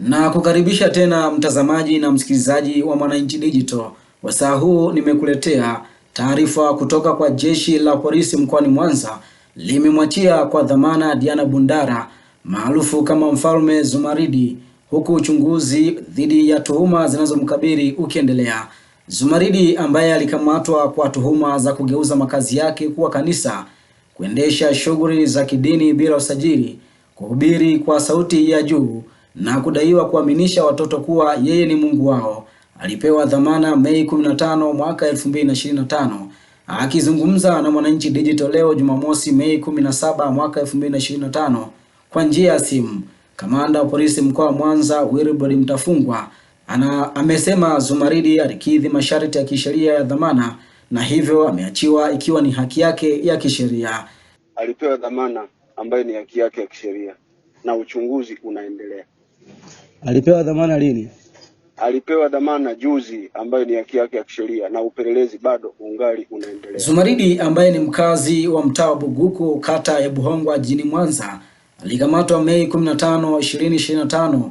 Na kukaribisha tena mtazamaji na msikilizaji wa Mwananchi Digital. Wasaa huu nimekuletea taarifa kutoka kwa Jeshi la Polisi mkoani Mwanza limemwachia kwa dhamana Diana Bundara maarufu kama Mfalme Zumaridi huku uchunguzi dhidi ya tuhuma zinazomkabili ukiendelea. Zumaridi ambaye alikamatwa kwa tuhuma za kugeuza makazi yake kuwa kanisa, kuendesha shughuli za kidini bila usajili, kuhubiri kwa sauti ya juu na kudaiwa kuaminisha watoto kuwa yeye ni Mungu wao. Alipewa dhamana Mei 15 mwaka 2025. Akizungumza na Mwananchi Digital leo Jumamosi Mei 17 mwaka 2025 kwa njia ya simu, kamanda wa polisi mkoa wa Mwanza Wilbrod Mtafungwa ana amesema Zumaridi alikidhi masharti ya kisheria ya dhamana na hivyo ameachiwa ikiwa ni haki yake ya kisheria. Alipewa dhamana ambayo ni haki yake ya kisheria na uchunguzi unaendelea. Alipewa dhamana lini? Alipewa dhamana juzi ambayo ni haki yake ya kisheria na upelelezi bado ungali unaendelea. Zumaridi ambaye ni mkazi wa mtaa wa Buguku kata ya Buhongwa jijini Mwanza alikamatwa Mei 15, 2025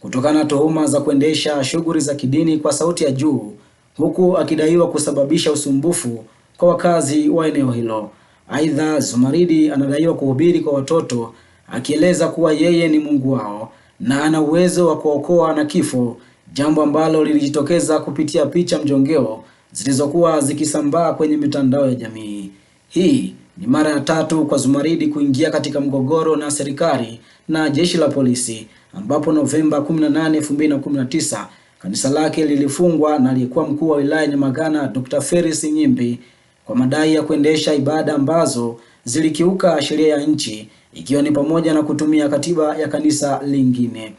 kutokana na tuhuma za kuendesha shughuli za kidini kwa sauti ya juu huku akidaiwa kusababisha usumbufu kwa wakazi wa eneo hilo. Aidha, Zumaridi anadaiwa kuhubiri kwa watoto akieleza kuwa yeye ni Mungu wao na ana uwezo wa kuokoa na kifo, jambo ambalo lilijitokeza kupitia picha mjongeo zilizokuwa zikisambaa kwenye mitandao ya jamii. Hii ni mara ya tatu kwa Zumaridi kuingia katika mgogoro na serikali na jeshi la polisi, ambapo Novemba 18, 2019 kanisa lake lilifungwa na aliyekuwa mkuu wa wilaya Nyamagana Dr. Ferris Nyimbi kwa madai ya kuendesha ibada ambazo zilikiuka sheria ya nchi ikiwa ni pamoja na kutumia katiba ya kanisa lingine.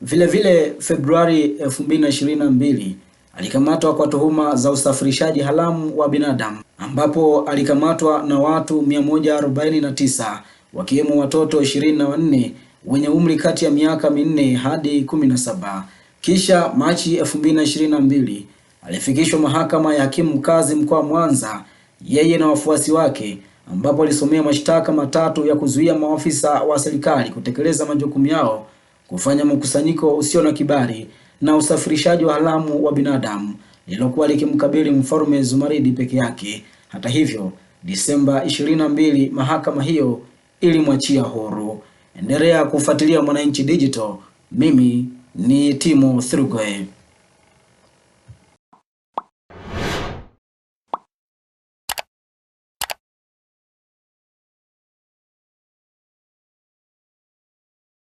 Vilevile, Februari 2022 alikamatwa kwa tuhuma za usafirishaji haramu wa binadamu ambapo alikamatwa na watu 149 wakiwemo watoto 24 wenye umri kati ya miaka minne hadi 17. Kisha Machi 2022 alifikishwa mahakama ya hakimu mkazi mkoa Mwanza, yeye na wafuasi wake ambapo alisomea mashtaka matatu ya kuzuia maafisa wa serikali kutekeleza majukumu yao, kufanya mkusanyiko usio na kibali na usafirishaji wa haramu wa binadamu lililokuwa likimkabili Mfalme Zumaridi peke yake. Hata hivyo, Disemba 22 mahakama hiyo ilimwachia huru. Endelea kufuatilia Mwananchi Digital. Mimi ni Timo Thrugoe.